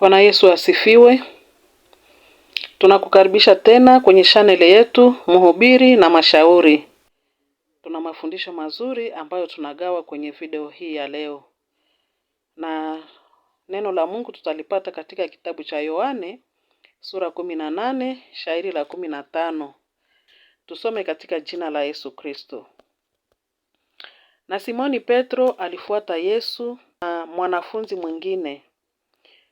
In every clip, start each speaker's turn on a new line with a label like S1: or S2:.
S1: Bwana Yesu asifiwe. Tunakukaribisha tena kwenye chaneli yetu Mhubiri na Mashauri. Tuna mafundisho mazuri ambayo tunagawa kwenye video hii ya leo, na neno la Mungu tutalipata katika kitabu cha Yohane sura kumi na nane shairi la kumi na tano. Tusome katika jina la Yesu Kristo. Na Simoni Petro alifuata Yesu na mwanafunzi mwingine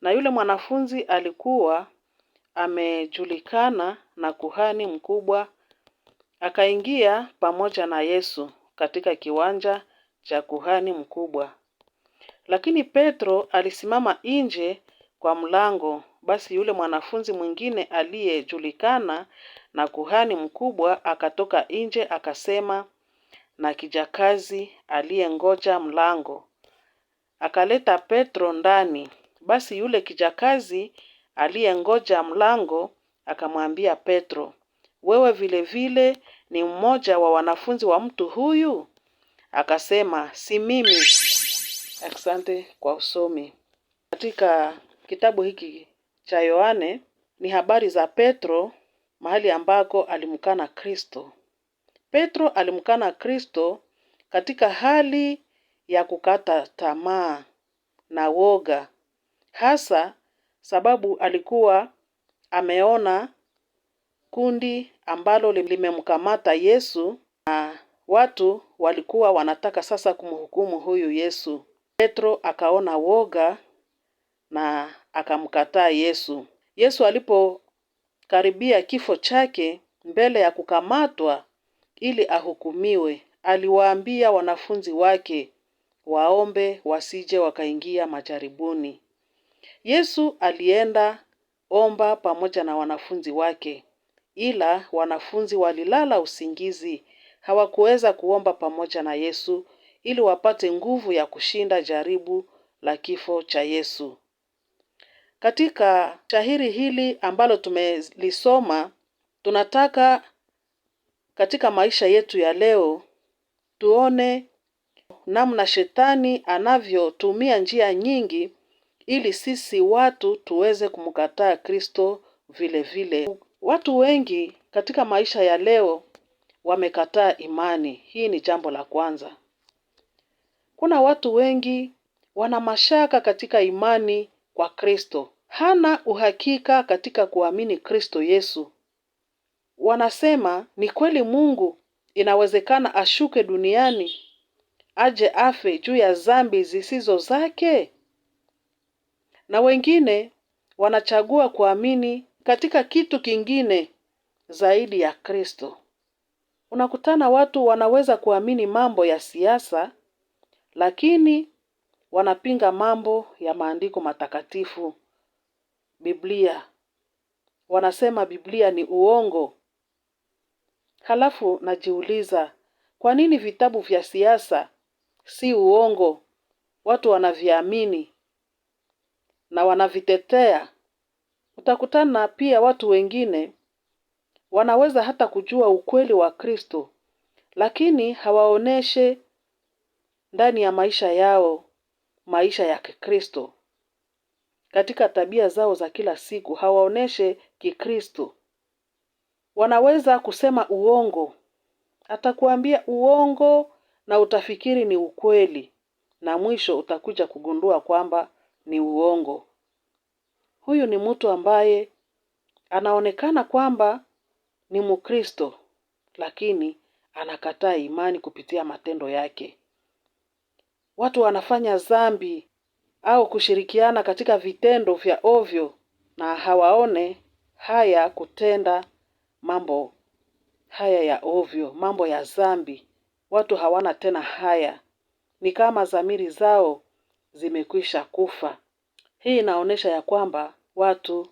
S1: na yule mwanafunzi alikuwa amejulikana na kuhani mkubwa akaingia pamoja na Yesu katika kiwanja cha kuhani mkubwa. Lakini Petro alisimama nje kwa mlango, basi yule mwanafunzi mwingine aliyejulikana na kuhani mkubwa akatoka nje akasema na kijakazi aliyengoja mlango. Akaleta Petro ndani. Basi yule kijakazi aliyengoja mlango akamwambia Petro, wewe vile vile ni mmoja wa wanafunzi wa mtu huyu? Akasema, si mimi. Asante kwa usomi. Katika kitabu hiki cha Yohane ni habari za Petro, mahali ambako alimkana Kristo. Petro alimkana Kristo katika hali ya kukata tamaa na woga hasa sababu alikuwa ameona kundi ambalo limemkamata Yesu na watu walikuwa wanataka sasa kumhukumu huyu Yesu. Petro akaona woga na akamkataa Yesu. Yesu alipokaribia kifo chake mbele ya kukamatwa ili ahukumiwe, aliwaambia wanafunzi wake waombe wasije wakaingia majaribuni. Yesu alienda omba pamoja na wanafunzi wake, ila wanafunzi walilala usingizi, hawakuweza kuomba pamoja na Yesu ili wapate nguvu ya kushinda jaribu la kifo cha Yesu. Katika shahiri hili ambalo tumelisoma, tunataka katika maisha yetu ya leo tuone namna shetani anavyotumia njia nyingi ili sisi watu tuweze kumkataa Kristo vile vile. Watu wengi katika maisha ya leo wamekataa imani. Hii ni jambo la kwanza. Kuna watu wengi wana mashaka katika imani kwa Kristo. Hana uhakika katika kuamini Kristo Yesu. Wanasema ni kweli Mungu inawezekana ashuke duniani aje afe juu ya dhambi zisizo zake? na wengine wanachagua kuamini katika kitu kingine zaidi ya Kristo. Unakutana watu wanaweza kuamini mambo ya siasa lakini wanapinga mambo ya maandiko matakatifu, Biblia. Wanasema Biblia ni uongo. Halafu najiuliza, kwa nini vitabu vya siasa si uongo? Watu wanaviamini na wanavitetea, utakutana pia watu wengine wanaweza hata kujua ukweli wa Kristo, lakini hawaoneshe ndani ya maisha yao maisha ya Kikristo. Katika tabia zao za kila siku hawaoneshe Kikristo. Wanaweza kusema uongo, atakuambia uongo na utafikiri ni ukweli, na mwisho utakuja kugundua kwamba ni uongo. Huyu ni mtu ambaye anaonekana kwamba ni Mkristo lakini anakataa imani kupitia matendo yake. Watu wanafanya dhambi au kushirikiana katika vitendo vya ovyo na hawaone haya kutenda mambo haya ya ovyo, mambo ya dhambi. Watu hawana tena haya, ni kama dhamiri zao zimekwisha kufa. Hii inaonesha ya kwamba watu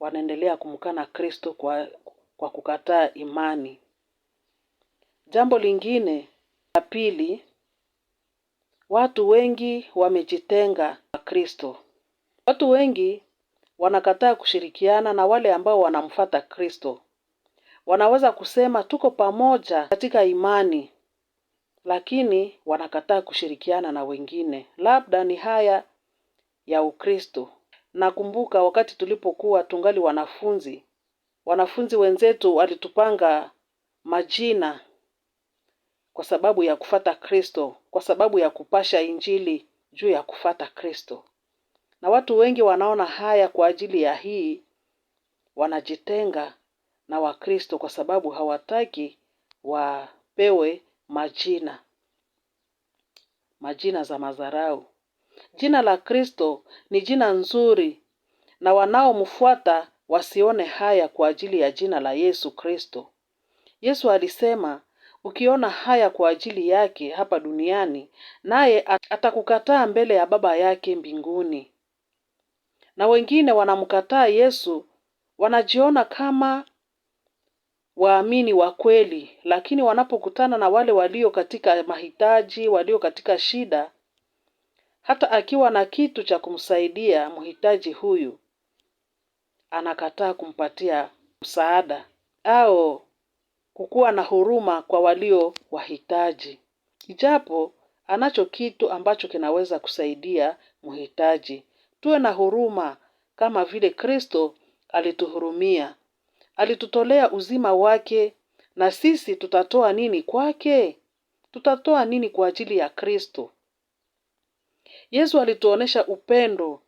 S1: wanaendelea kumkana Kristo kwa, kwa kukataa imani. Jambo lingine la pili, watu wengi wamejitenga na Kristo. Watu wengi wanakataa kushirikiana na wale ambao wanamfata Kristo. Wanaweza kusema tuko pamoja katika imani, lakini wanakataa kushirikiana na wengine. Labda ni haya ya Ukristo. Nakumbuka wakati tulipokuwa tungali wanafunzi, wanafunzi wenzetu walitupanga majina kwa sababu ya kufata Kristo, kwa sababu ya kupasha injili juu ya kufata Kristo. Na watu wengi wanaona haya kwa ajili ya hii, wanajitenga na Wakristo kwa sababu hawataki wapewe majina majina za madharau. Jina la Kristo ni jina nzuri na wanaomfuata wasione haya kwa ajili ya jina la Yesu Kristo. Yesu alisema, ukiona haya kwa ajili yake hapa duniani, naye atakukataa mbele ya Baba yake mbinguni. Na wengine wanamkataa Yesu, wanajiona kama waamini wa kweli, lakini wanapokutana na wale walio katika mahitaji, walio katika shida, hata akiwa na kitu cha kumsaidia mhitaji huyu, anakataa kumpatia msaada au kukuwa na huruma kwa walio wahitaji, ijapo anacho kitu ambacho kinaweza kusaidia mhitaji. Tuwe na huruma kama vile Kristo alituhurumia, alitutolea uzima wake, na sisi tutatoa nini kwake? Tutatoa nini kwa ajili ya Kristo? Yesu alituonesha upendo,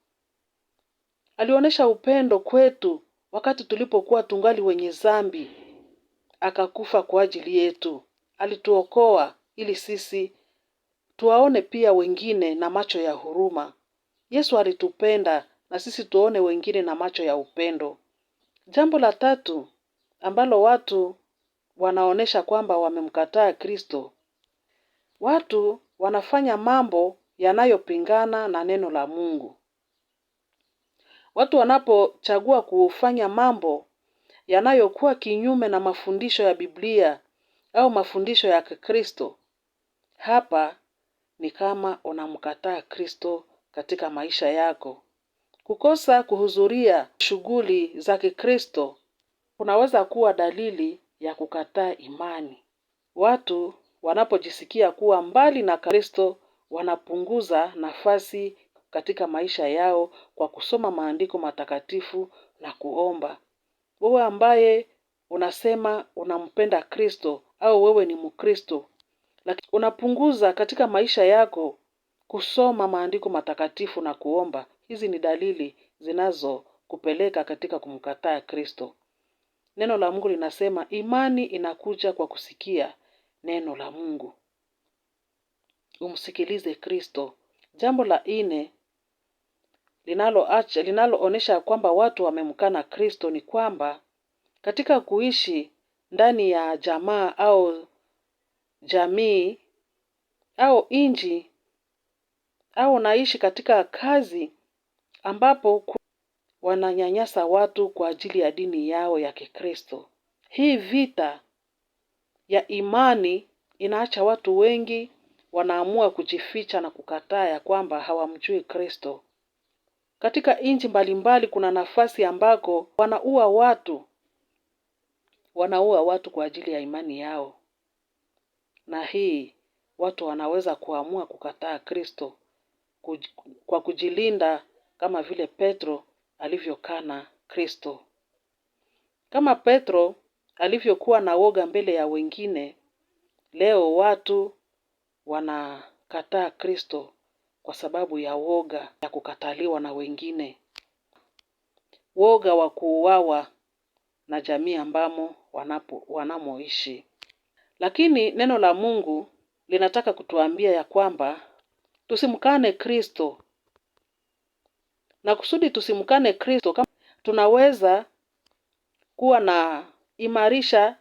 S1: alionyesha upendo kwetu wakati tulipokuwa tungali wenye zambi akakufa kwa ajili yetu. Alituokoa ili sisi tuwaone pia wengine na macho ya huruma. Yesu alitupenda na sisi tuone wengine na macho ya upendo. Jambo la tatu ambalo watu wanaonesha kwamba wamemkataa Kristo, watu wanafanya mambo yanayopingana na neno la Mungu. Watu wanapochagua kufanya mambo yanayokuwa kinyume na mafundisho ya Biblia au mafundisho ya Kikristo, hapa ni kama unamkataa Kristo katika maisha yako. Kukosa kuhudhuria shughuli za Kikristo kunaweza kuwa dalili ya kukataa imani. Watu wanapojisikia kuwa mbali na Kristo wanapunguza nafasi katika maisha yao kwa kusoma maandiko matakatifu na kuomba. Wewe ambaye unasema unampenda Kristo au wewe ni Mkristo, lakini unapunguza katika maisha yako kusoma maandiko matakatifu na kuomba, hizi ni dalili zinazokupeleka katika kumkataa Kristo. Neno la Mungu linasema imani inakuja kwa kusikia neno la Mungu umsikilize Kristo. Jambo la nne linaloacha linaloonyesha kwamba watu wamemkana Kristo ni kwamba katika kuishi ndani ya jamaa au jamii au nchi au naishi katika kazi ambapo wananyanyasa watu kwa ajili ya dini yao ya Kikristo. Hii vita ya imani inaacha watu wengi wanaamua kujificha na kukataa ya kwamba hawamjui Kristo. Katika nchi mbalimbali kuna nafasi ambako wanaua watu, wanaua watu kwa ajili ya imani yao, na hii watu wanaweza kuamua kukataa Kristo kwa kujilinda, kama vile Petro alivyokana Kristo. Kama Petro alivyokuwa na woga mbele ya wengine, leo watu wanakataa Kristo kwa sababu ya woga ya kukataliwa na wengine, woga wa kuuawa na jamii ambamo wanapo, wanamoishi. Lakini neno la Mungu linataka kutuambia ya kwamba tusimkane Kristo, na kusudi tusimkane Kristo kama tunaweza kuwa na imarisha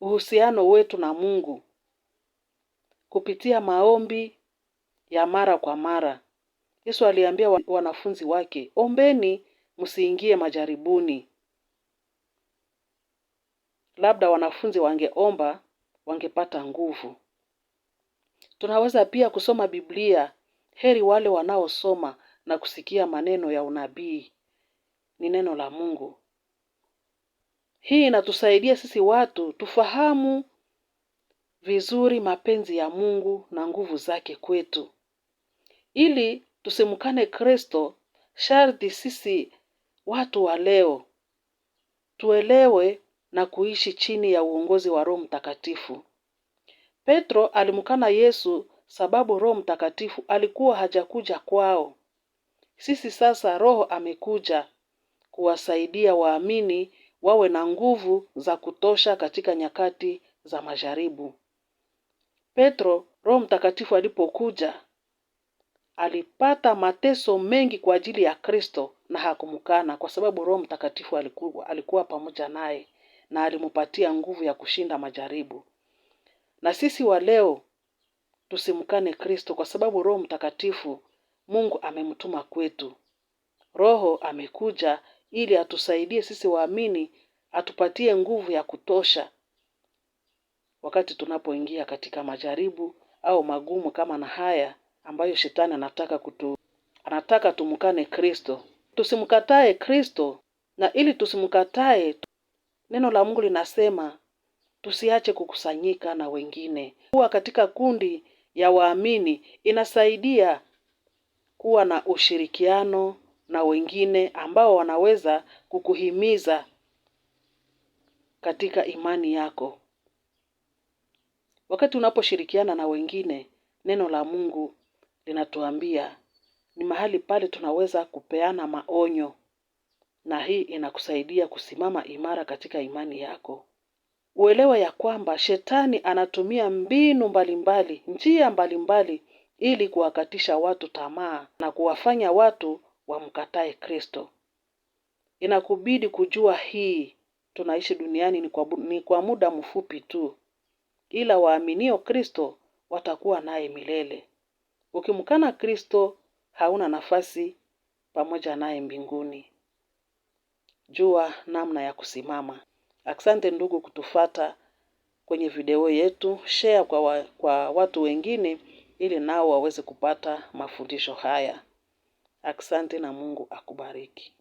S1: uhusiano wetu na Mungu kupitia maombi ya mara kwa mara. Yesu aliambia wanafunzi wake, ombeni msiingie majaribuni. Labda wanafunzi wangeomba wangepata nguvu. Tunaweza pia kusoma Biblia, heri wale wanaosoma na kusikia maneno ya unabii. Ni neno la Mungu. Hii inatusaidia sisi watu tufahamu vizuri mapenzi ya Mungu na nguvu zake kwetu. Ili tusimkane Kristo, sharti sisi watu wa leo tuelewe na kuishi chini ya uongozi wa Roho Mtakatifu. Petro alimkana Yesu sababu Roho Mtakatifu alikuwa hajakuja kwao. Sisi sasa Roho amekuja kuwasaidia waamini wawe na nguvu za kutosha katika nyakati za majaribu. Petro, Roho Mtakatifu alipokuja alipata mateso mengi kwa ajili ya Kristo na hakumkana, kwa sababu Roho Mtakatifu alikuwa, alikuwa pamoja naye na alimpatia nguvu ya kushinda majaribu. Na sisi wa leo tusimkane Kristo, kwa sababu Roho Mtakatifu Mungu amemtuma kwetu. Roho amekuja ili atusaidie sisi waamini, atupatie nguvu ya kutosha wakati tunapoingia katika majaribu au magumu kama na haya ambayo shetani anataka kutu, anataka tumkane Kristo. Tusimkatae Kristo, na ili tusimkatae, neno la Mungu linasema tusiache kukusanyika na wengine. Kuwa katika kundi ya waamini inasaidia kuwa na ushirikiano na wengine ambao wanaweza kukuhimiza katika imani yako. Wakati unaposhirikiana na wengine, neno la Mungu linatuambia ni mahali pale tunaweza kupeana maonyo, na hii inakusaidia kusimama imara katika imani yako. Uelewa ya kwamba shetani anatumia mbinu mbalimbali, njia mbalimbali ili kuwakatisha watu tamaa na kuwafanya watu wamkatae Kristo. Inakubidi kujua hii, tunaishi duniani ni kwa, ni kwa muda mfupi tu ila waaminio Kristo watakuwa naye milele. Ukimkana Kristo hauna nafasi pamoja naye mbinguni. Jua namna ya kusimama. Asante ndugu kutufata kwenye video yetu, share kwa, wa, kwa watu wengine ili nao waweze kupata mafundisho haya. Asante na Mungu akubariki.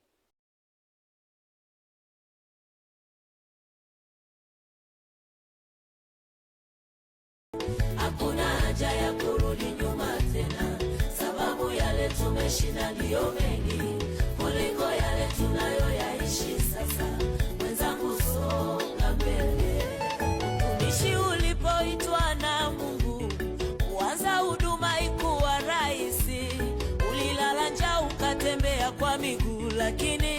S1: Hakuna haja ya kurudi nyuma tena, sababu yale tumeshinda ndiyo mengi kuliko yale tunayoyaishi sasa. Mwenzangu, songa mbele. Umishi ulipoitwa na Mungu kuanza huduma ikuwa rahisi, ulilala njaa ukatembea kwa miguu, lakini